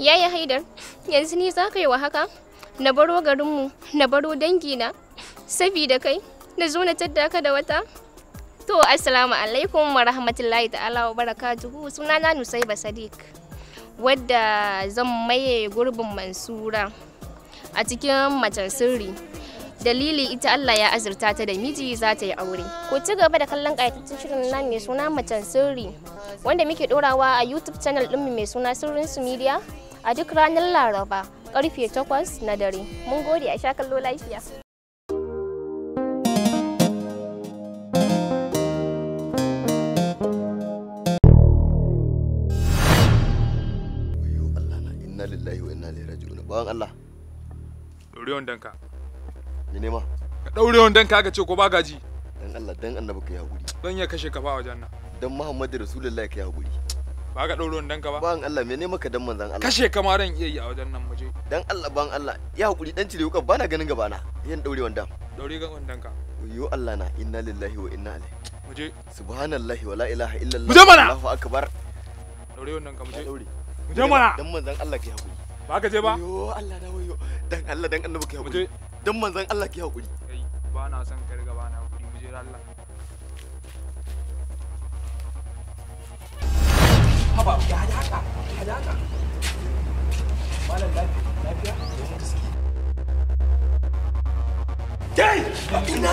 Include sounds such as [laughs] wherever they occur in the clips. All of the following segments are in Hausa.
Yaya Haidar, yanzu ni za ka yi wa haka? Na baro garinmu, na baro dangina, sabida kai, na zo na taddaka ka da wata? To, Assalamu alaikum wa rahmatullahi ta'ala wa barakatuhu sunana Nusaiba Sadiq, wadda zan maye gurbin Mansura a cikin macen sirri. dalili ita Allah ya azurta ta da miji za ta yi aure. Ku ci gaba da kallon ƙayatattun shirin nan mai suna macen sirri wanda muke ɗorawa a YouTube channel ɗinmu mai suna sirrin su media a duk ranar Laraba ƙarfe 8 na dare. Mun gode a sha kallo lafiya. Allah Riyon danka me nema ka daure wandan ka ce ko ba gaji dan Allah dan annabi ka yi hakuri dan ya kashe ka ba wajen nan dan Muhammadu Rasulullahi ka yi hakuri ba ka daure dan ka ba ban Allah me nema ka dan manzan Allah kashe ka ma ran iya yi a wajen nan muje dan Allah ban Allah ya hakuri dan cire ba na ganin gaba na yan daure wandan daure ga dan ka yo Allah na inna lillahi wa inna ilaihi muje subhanallahi wa la ilaha illallah muje mana Allahu akbar daure wannan ka muje daure muje mana dan manzan Allah ka yi hakuri ba ka je ba yo Allah da wayo dan Allah dan annabi ka yi hakuri don manzan Allah ki hakuri kai ba na son ka riga ba na hakuri mu jira Allah haba ya hada haka ya hada haka malam lafiya lafiya da mun gaske kai ina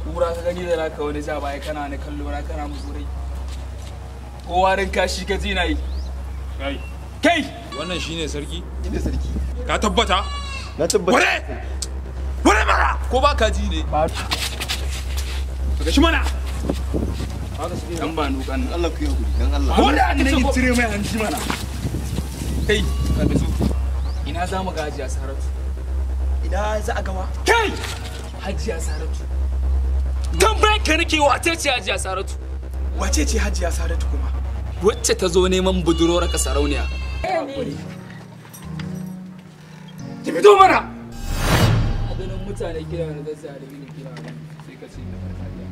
kura ka gani da naka wani ja bai kana ni kallo na kana mu zurai kowa rin kashi ka zina yi kai Kai. wannan shine sarki shine sarki ka tabbata na tabbata ware ware mara ko ba ka ji ne ga shi mana dan ba nukan Allah ku yi hakuri dan Allah ware an ne tire mai hanji mana kai ka bisu ina za mu ga hajiya saratu ina za a gawa kai hajiya saratu tambayar ka nake wace ce hajiya saratu wace ce hajiya saratu kuma wacce ta zo neman ka sarauniya ki fito mana a mutane kira na zai sare ni kira sai ka ce na farfariya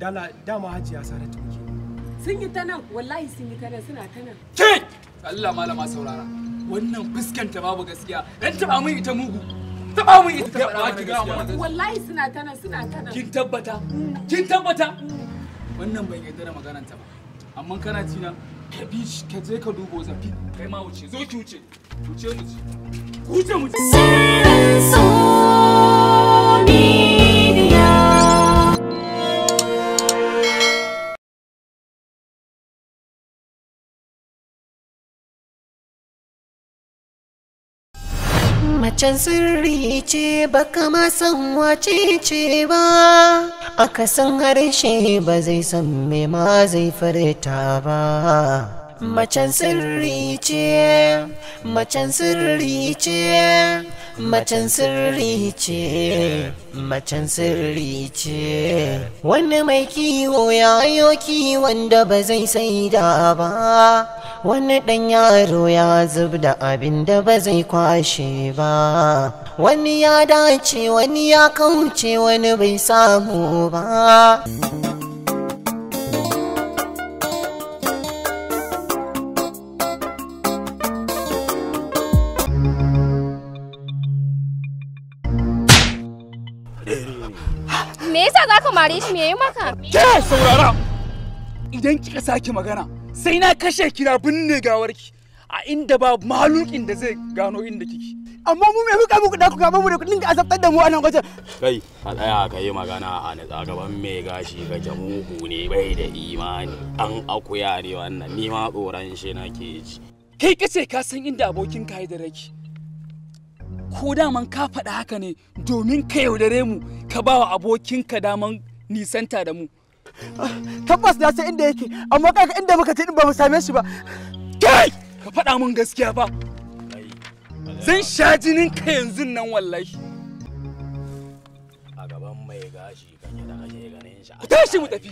dala dama hajiya sare ta muke sun yi ta nan wallahi sun yi ta nan suna ta nan ke Allah malama saurara wannan fuskanta babu gaskiya dan taba mun ita mugu taba mun ita taba ki ga wallahi suna ta nan suna ta nan kin tabbata kin tabbata wannan ban yarda da magananta ba amma kana ci ka bi shi ka je ka dubo zafi kai ma wuce zo ki wuce wuce mu ji wuce mu ji can sirri ce baka ma san wace ce ba aka san harshe ba zai san me ma zai farta ba macen sirri ce macen sirri ce macen sirri ce macen sirri ce wani mai kiwo ya yo kiwon da ba zai saida ba wani ɗan yaro ya zub da abin da ba zai kwashe ba wani ya dace wani ya kauce wani bai samu ba mare me maka? Ke saurara! Idan kika sake magana, sai na kashe ki na binne gawarki a inda ba malukin da zai gano inda kike. Amma mu me muka muku da ku mu da kudin ka azabtar da mu a nan wajen. Kai, ka tsaya ka yi magana a ne gaban me gashi ga jamuhu ne bai da imani. An akuya ne wannan, ni ma tsoron shi nake ji. Kai kace ka san inda abokin ka da raki. ko daman ka faɗa haka ne domin ka yaudare mu ka ba wa abokinka daman nisanta da mu tabbas na san inda yake amma kaga inda muka ce din ba mu same shi ba kai ka faɗa mun gaskiya ba zan sha jinin ka yanzu nan wallahi a gaban mai gashi kan yi da kashe ganin shi tashi mu tafi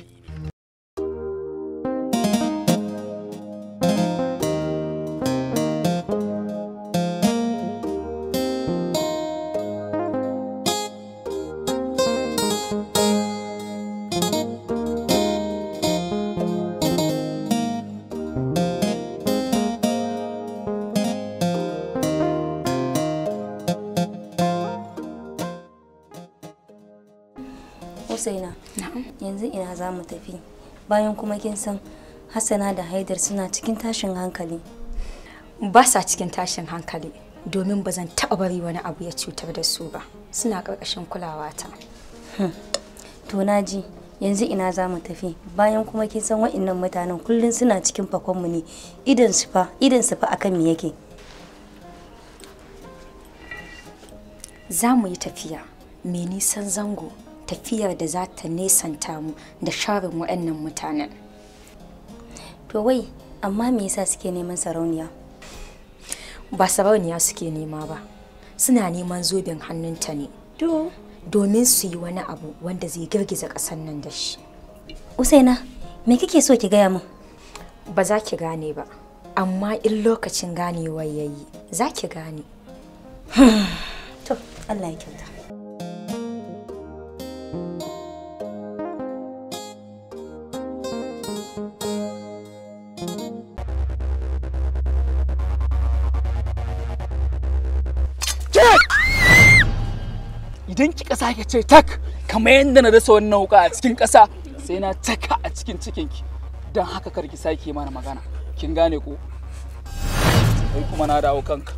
yanzu ina za mu tafi bayan kuma kin san hassana da haidar suna cikin tashin hankali ba sa cikin tashin hankali domin ba zan taɓa bari wani abu ya cutar da su ba suna ƙarƙashin ta. Hmm. to na ji yanzu ina za mu tafi bayan kuma kin san wa'annan mutanen kullum suna cikin fakonmu ne idan su fa idan su fa akan me yake za mu yi tafiya mai nisan zango tafiyar da za ta nesanta mu da sharin waɗannan mutanen to wai amma me yasa suke neman sarauniya ba sarauniya suke nema ba suna neman zobin hannunta ne to domin su yi wani abu wanda zai girgiza ƙasar nan da shi usaina me kike so ki gaya min ba za ki gane ba amma in lokacin ganewar yayi za ki gane to Allah ya kyauta idan kika sake ce tak kamar yadda na dasa wannan wuka a cikin ƙasa sai na taka a cikin cikinki don haka kar ki sake mana magana kin gane ko kai kuma na dawo kanka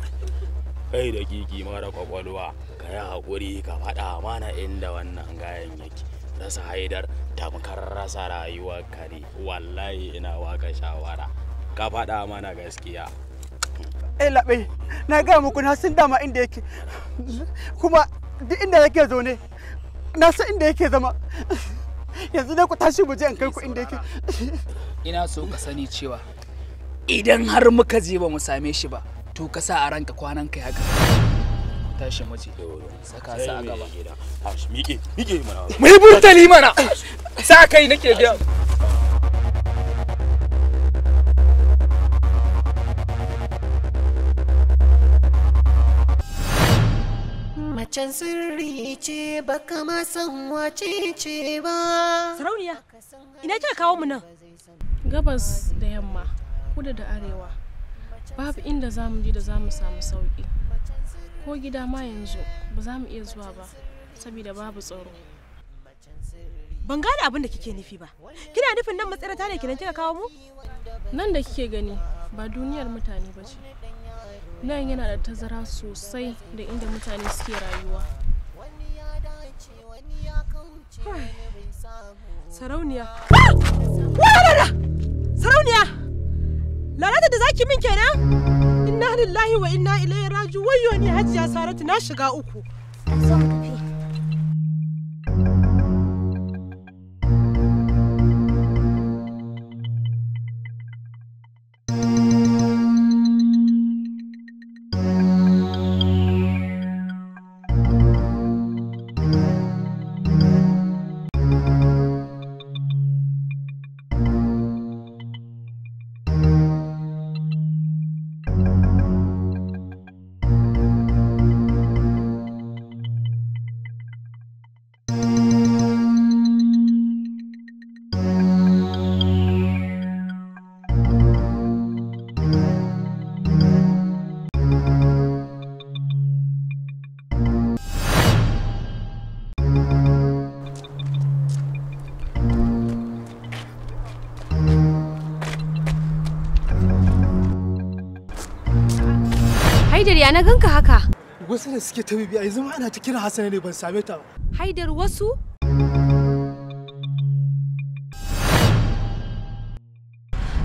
kai da kiki mara kwakwalwa ka yi haƙuri ka faɗa mana inda wannan gayan yake rasa haidar tamkar rasa rayuwar kare wallahi ina waka shawara ka faɗa mana gaskiya eh na gaya muku na sun dama inda yake kuma duk inda yake zaune na san inda yake zama yanzu dai ku tashi mu je in kai ku inda yake ina so ka sani cewa idan har muka je ba mu same shi ba to ka sa a ranka kwanan ka ya gaba tashi mu je saka sa a gaba miƙe miƙe mana mu yi burtali mana sa kai nake biya Can sirri ce baka ma san wace ce ba. Sarauniya, ina kika kawo mu nan? Gabas da yamma, kudu da arewa. Babu inda za mu je da za mu samu sauƙi. Ko gida ma yanzu ba za mu iya zuwa ba, saboda babu tsaro. Ban gane abin da kike nufi ba. Kina nufin nan matsirata ne kinan kika kawo mu? Nan da kike gani ba duniyar mutane ba ce. nan yana da tazara sosai da inda mutane suke rayuwa sarauniya lalata da zaki min kenan inna lillahi wa inna ilaihi raji wayo ni hajiya saratu na shiga uku na ganka haka? Wasu da suke ta bibiya yanzu ma ana ta kira Hassana ne ban same ta ba. Haidar wasu?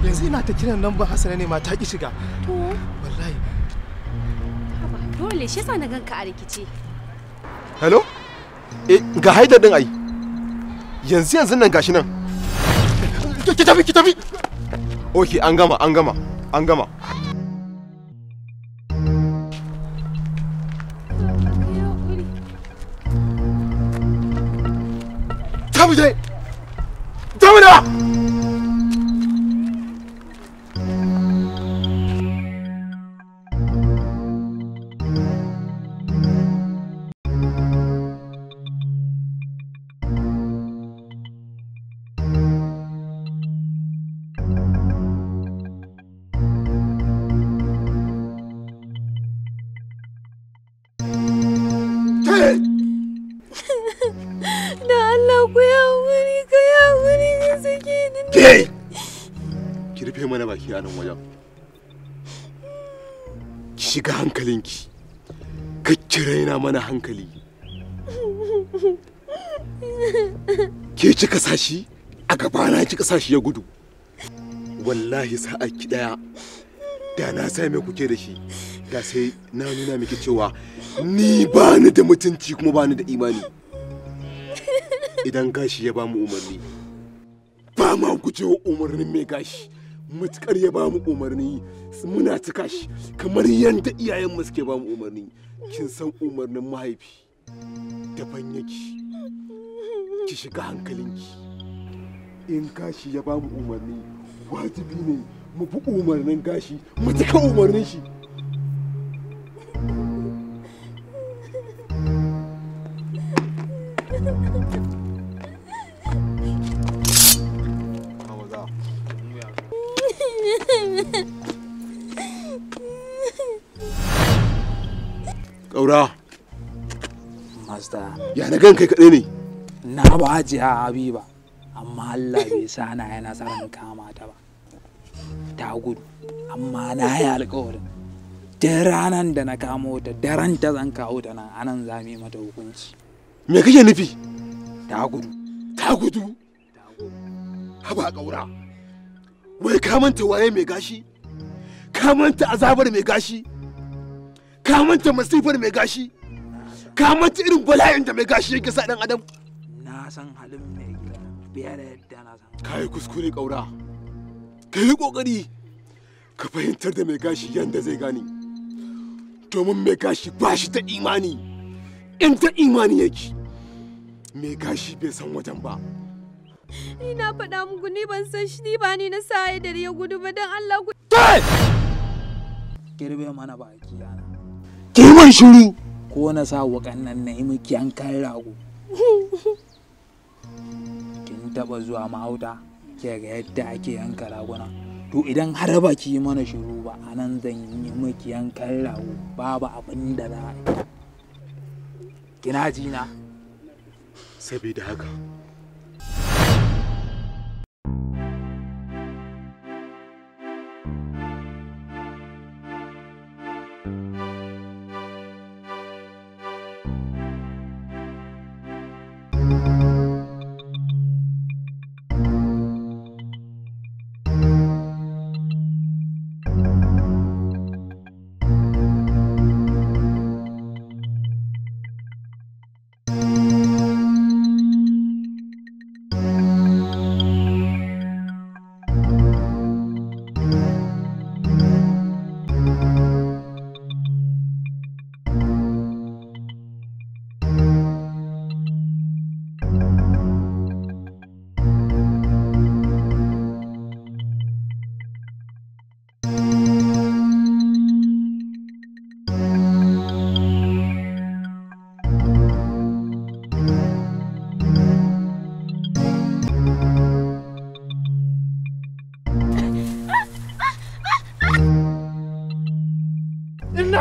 Yanzu ina ta kiran nan ban Hassana ne ma ta ki shiga. To. Wallahi. Dole shi yasa na ganka a rikici. Hello? Eh ga Haidar din ai. Yanzu yanzu nan gashi nan. Ki tafi ki tafi. Okay an gama an gama an gama. めてダメだ rufe mana baki a nan wajen ki shiga hankalinki kacci raina mana hankali ke kika sashi a gabana kika sashi ya gudu wallahi sa'a ki daya da na sai me kuke da shi da sai na nuna miki cewa ni ba ni da mutunci kuma ba ni da imani idan gashi ya ba mu umarni ba ma gujewa umarnin mai gashi matukar ya ba mu umarni muna cika shi kamar yadda iyayenmu suke ba mu umarni kin san umarnin mahaifi daban yake ki shiga hankalinki in kashi ya ba mu umarni wajibi ne mu bi umarnin gashi mu cika umarnin shi gan kai kaɗai ne na ba hajiya habiba amma Allah bai sa na yana sarin kama ta ba ta gudu amma na yi alƙawarin da ranar da na kamo ta daren ta zan kawo ta nan anan za mu yi mata hukunci me kake nufi ta gudu ta gudu haba ƙaura wai ka manta waye mai gashi ka manta azabar mai gashi ka manta masifar mai gashi ka mata irin bala'in da mai gashi yake sa dan adam na san halin mai biya da yadda na san kai kuskure kaura ka yi kokari ka fahimtar da mai gashi yanda zai gane domin mai gashi ba shi ta imani in ta imani yake mai gashi bai san wajen ba ni na faɗa muku ni ban san shi ni ba ni na sa ya dare ya gudu ba don Allah ku. Girbe mana baki yana. Ki yi shiru. ko na sa waƙannan na yi miki kan rago [laughs] kin taɓa zuwa mahauta ke ga yadda ake yanka raguna to idan har ba ki yi mana shiru ba a nan zan yi miki kan rago babu abin da za a yi kina jina Sabida haka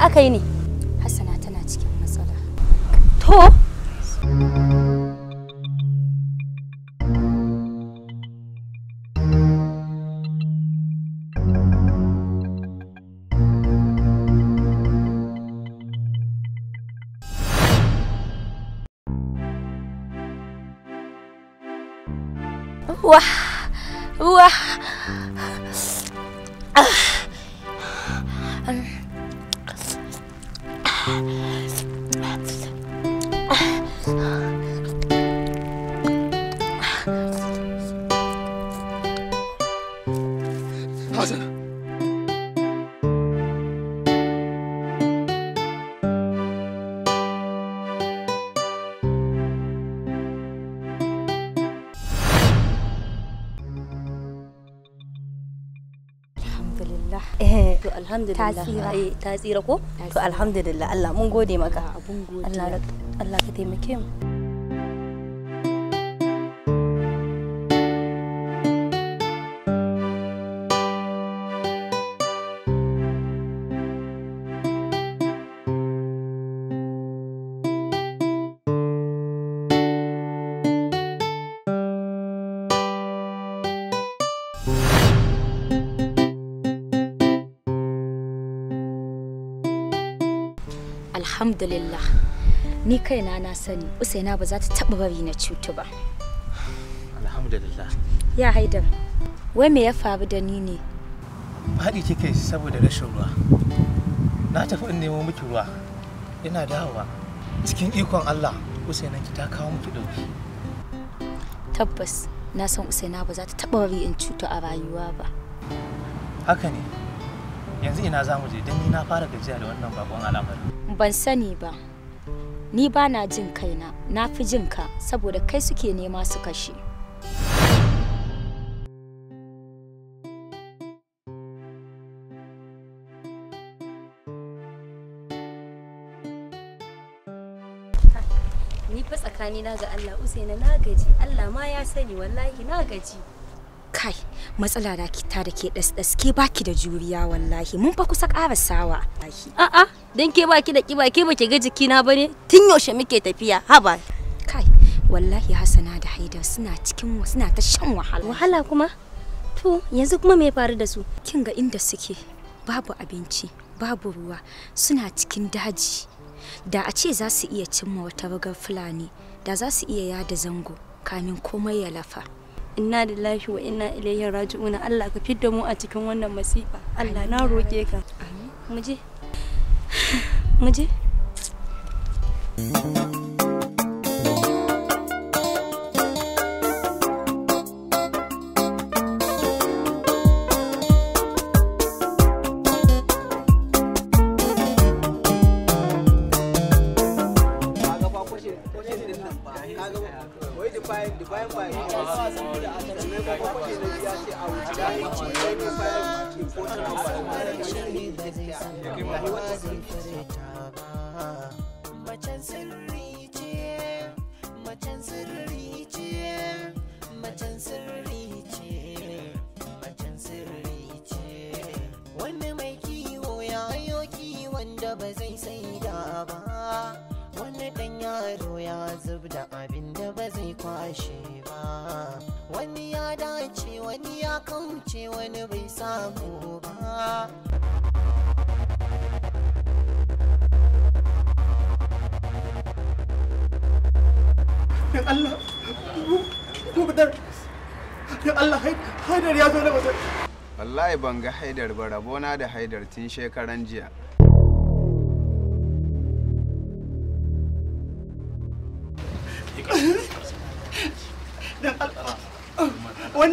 aka yi ne alhamdulillah ta tsira eh, ko to alhamdulillah Allah mun gode maka Allah ka taimake mu alhamdulillah ni kaina na sani usaina ba za ta taba bari na cutu ba alhamdulillah ya haidar wai me ya faru da ni ne faɗi kike saboda rashin ruwa na tafi in nemo miki ruwa ina dawowa cikin ikon Allah usaina ki ta kawo miki dauki tabbas na san usaina ba za ta taba bari in cutu a rayuwa ba haka ne yanzu ina za mu je don ni na fara gajiya da wannan bakon al'amari ban sani ba ni ba na jin kai na fi jin ka saboda kai suke nema su kashe ni fa tsakanina ga Allah usaina na gaji Allah ma ya sani wallahi na gaji matsala da ki ta da ke ɗas ke baki da juriya wallahi mun fa kusa ƙara sawa. A'a dan ke baki da ƙiba ke baki ga jikina ba ne tun yaushe muke tafiya haba. Kai wallahi Hassana da haida suna cikin suna ta shan wahala. Wahala kuma? To yanzu kuma me faru da su? Kin ga inda suke babu abinci babu ruwa suna cikin daji. Da a ce za su iya cimma wata ragar Fulani da za su iya yada zango kamin komai ya lafa. inna lafi wa inna ilayhi raji'una Allah ka fidda mu a cikin wannan masifa Allah na roke ka muje muje five ce, sirri ce, Wani mai kiwo ya yo kiwon da ba zai sai da ba, wani ɗan yaro ya zub da abin. kwashe ba wani ya dace wani ya kauce wani bai samu ba Allah haidar ya zo na wallahi ban ga haidar ba rabona da haidar tun shekaran jiya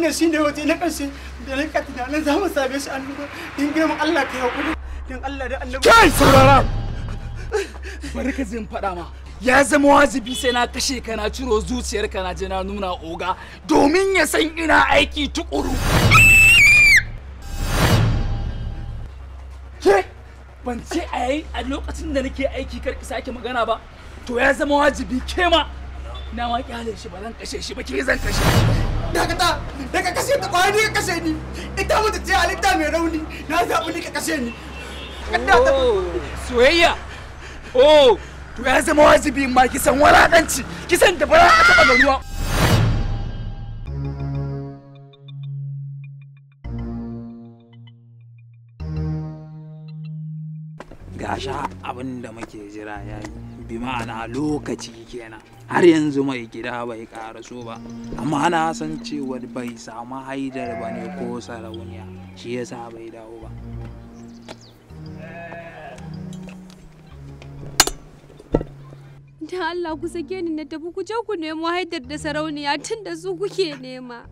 wannan ne waje na ƙarshe da na ƙati da nan za mu same shi an nuna in girman Allah ka haƙuri don Allah da Allah kai saurara bari ka zin faɗa ma ya zama wajibi sai na kashe ka na ciro zuciyar ka na je na nuna oga domin ya san ina aiki tukuru ke ban ce a yayin a lokacin da nake aiki kar ki sake magana ba to ya zama wajibi ke ma na ma kyale shi ba zan kashe shi ba ke zan kashe shi dakata da ka kashe ta kwaya ka kashe ni ita mutu ce halitta mai rauni na zaɓi ni ka kashe ni oh, soyayya oh to ya zama wajibi ma kisan walakanci kisan da ba za ka taɓa ganuwa gasha abin da muke jira ya yi bi ma'ana lokaci kenan har yanzu mai gida bai karaso ba amma ana san cewa bai samu haidar ba ne ko sarauniya shi yasa bai dawo ba dan Allah ku sake ni na tafi ku je ku nemo haidar da sarauniya tun da su kuke nema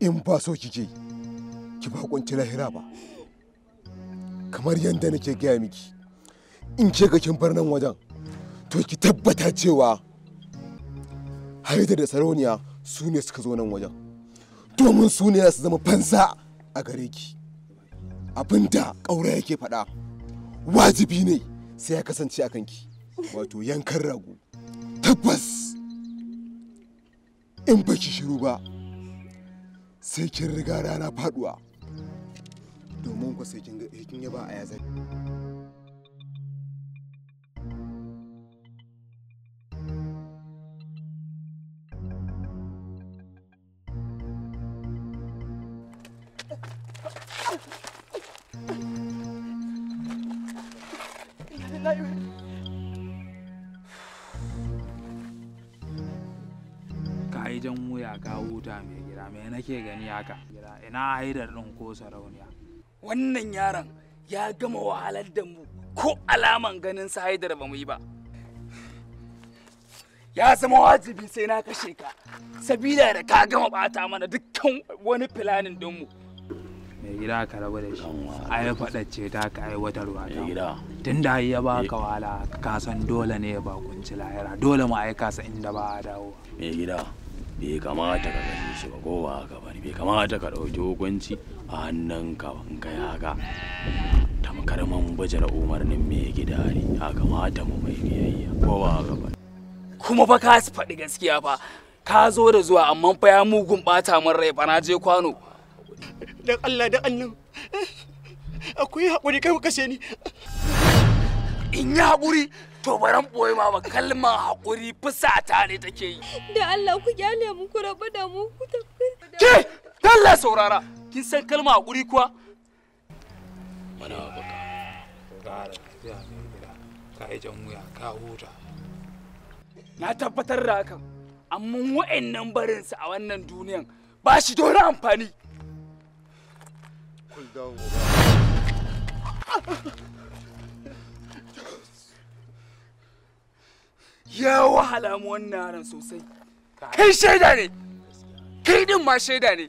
in ba so ki je ki ba kunci lahira ba kamar yadda nake gaya miki in ce ga kin bar nan wajen to ki tabbata cewa haida da sarauniya su ne suka zo nan wajen domin su ne su zama fansa a gare ki abinda ƙaura yake faɗa wajibi ne sai ya kasance a ki. wato yankan rago tabbas in baki shiru ba sai kin riga rana faduwa domin ku sai kin ga eh, ya ba a yazan haidar ɗin ko sarauniya wannan yaron ya gama wahalar da mu ko alaman ganin sa ba mu yi ba ya zama wajibi sai na kashe ka sabila da ka gama bata mana dukkan wani filanin mu. mai gida ka rabu da shi a ya faɗace ta ka aiwatarwa ta tun da ya ba ka wahala ka san dole ne ya ba kunci lahira dole ma aika kasa inda ba a dawo mai gida bai kamata ka gani shi ba ko haka ba bai kamata ka ɗauki hukunci a hannunka ba ka yi haka tamkar man bajara umarnin mai gida ne ya kamata mu mai biyayya ko ba haka ba kuma fa ka faɗi gaskiya fa ka zo da zuwa amma fa ya mugun bata min rai fa na je kwano dan Allah da Allah akwai haƙuri kai ka ni in yi haƙuri to baran boye kalma kalmar haƙuri fusata ne take yi da Allah ku gane mu ku rabu da mu ku tafi ke dalla saurara kin san kalmar haƙuri kuwa mana baka gara ya ne gida ka yi jan wuya ka huta na tabbatar da hakan amma wa'annan barinsa a wannan duniyan ba shi wani amfani. ya wahala mu wannan yaron sosai kai shaida ne kai din ma shaida ne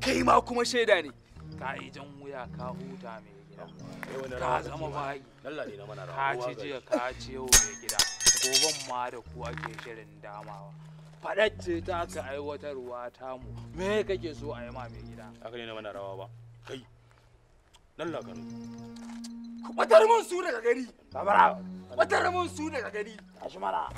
kai ma kuma shaida ne ka yi jan wuya ka huta mai gida ka zama bayi ka ci jiya ka ci yau mai gida goban ma da ku ake shirin damawa faɗacce ta ka aiwatarwa ta mu. me kake so a yi ma mai gida haka ne na mana rawa ba kai Lalla kanu. Watar mun su daga gari. Babara. Watar mun su daga gari. Tashi mana.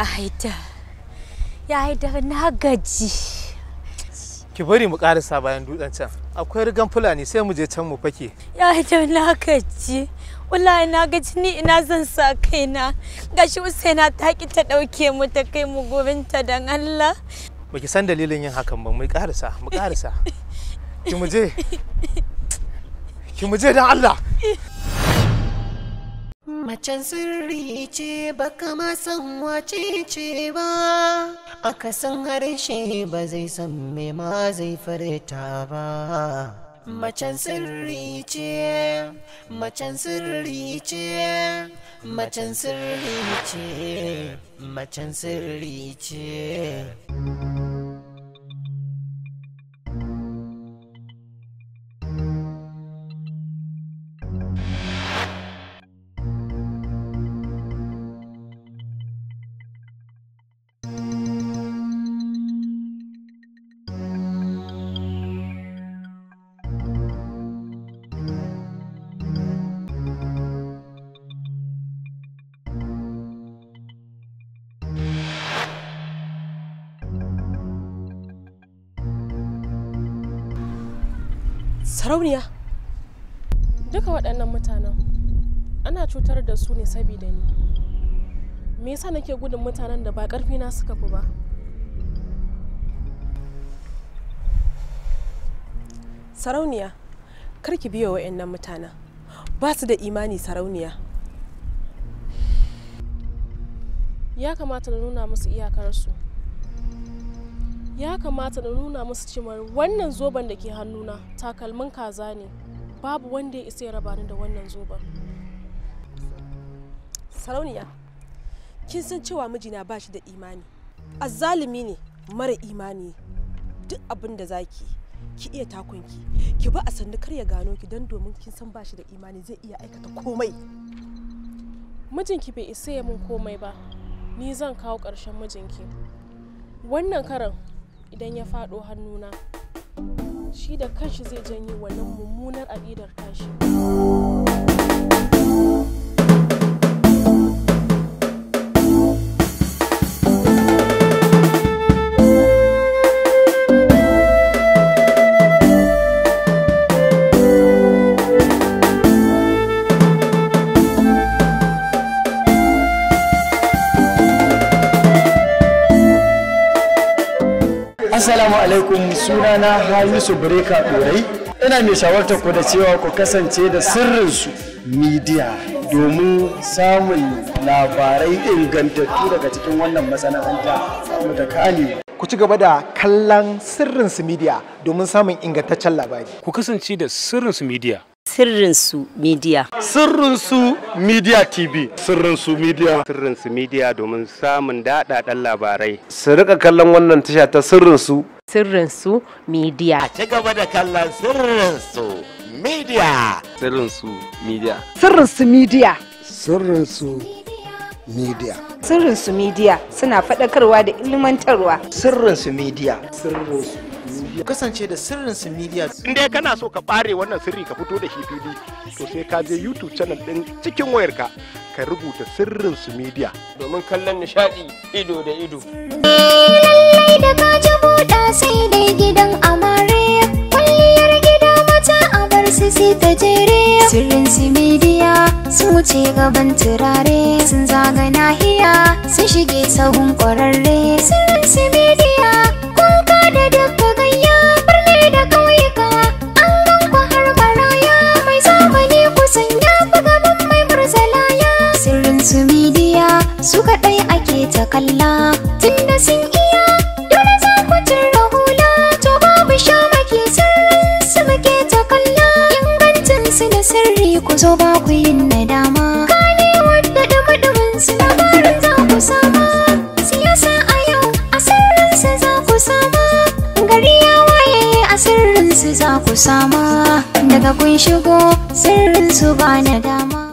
ya haidar ya haidar na gaji ki bari mu karasa bayan dutsen can akwai rigan fulani sai mu je can mu fake ya haidar na gaji wallahi na gaji ni ina zan sa kaina gashi usaina ta ki ta dauke mu ta kai mu gobinta dan Allah baki san dalilin yin hakan ba mu karasa mu karasa ki mu je ki mu je dan Allah Macen sirri ce baka ma san wace ce ba, aka san harshe ba zai san me ma zai farta ba. Macen sirri ce, macen sirri ce, macen sirri ce, macen sirri ce. sarauniya duka waɗannan mutanen ana cutar da su ne saboda ni me yasa nake gudun mutanen da ba ƙarfi na suka fi ba sarauniya kar ki biyo wa'annan mutanen ba su da imani sarauniya ya kamata na nuna musu iyakarsu ya kamata na nuna musu cewa wannan zoben da ke hannuna takalmin kaza ne babu wanda ya isa ya raba ni da wannan zoben sarauniya kin san cewa mijina ba shi da imani azzalumi ne mara imani duk abin da zaki ki iya takunki ki ba a sandukar kar ya gano ki don domin kin san ba da imani zai iya aikata komai mijinki bai isa ya mun komai ba ni zan kawo ƙarshen mijinki wannan karan idan ya faɗo hannuna shi da kanshi zai janye wannan mummunar aƙidar tashi Assalamu alaikum sunana Hamisu Breka Dorai. Ina mai shawarta ku da cewa ku kasance da sirrinsu midiya domin samun labarai ingantattu daga cikin wannan masana'anta mu da kani. Ku ci gaba da kallon sirrinsu midiya domin samun ingantaccen labari. Ku kasance da sirrinsu midiya Sirrinsu Media. Sirrinsu Media TV. Sirrinsu Media. Sirrinsu Media domin samun daɗaɗɗen labarai. Su rika kallon wannan tasha ta Sirrinsu. Sirrinsu Media. A ci gaba da kallon Sirrinsu Media. Sirrinsu Media. Sirrinsu Media. Sirrinsu Media. Sirrinsu Media suna faɗakarwa da ilmantarwa. Sirrinsu Media. Sirrinsu ku kasance da sirrin su media in dai kana so ka bare wannan sirri ka fito da shi fili to sai ka je youtube channel din cikin wayarka ka rubuta sirrin su media domin kallon nishadi ido da ido da ka ji buɗa sai dai gidan amare kwalliyar gida mata a bar su sai ta jere sirrin su media sun wuce gaban turare sun zaga nahiya sun shige sahun kwararre sirrin su media kalla tunda sun iya dole za ku jira hula to babu shamaki sirrin su muke ta kalla ingancin su da sirri ku zo ba ku yi nadama kane wadda da madumin su labarin za ku sama siyasa a yau a sirrin su za ku sama gari ya waye a sirrin su za ku sama daga kun shigo sirrin su ba nadama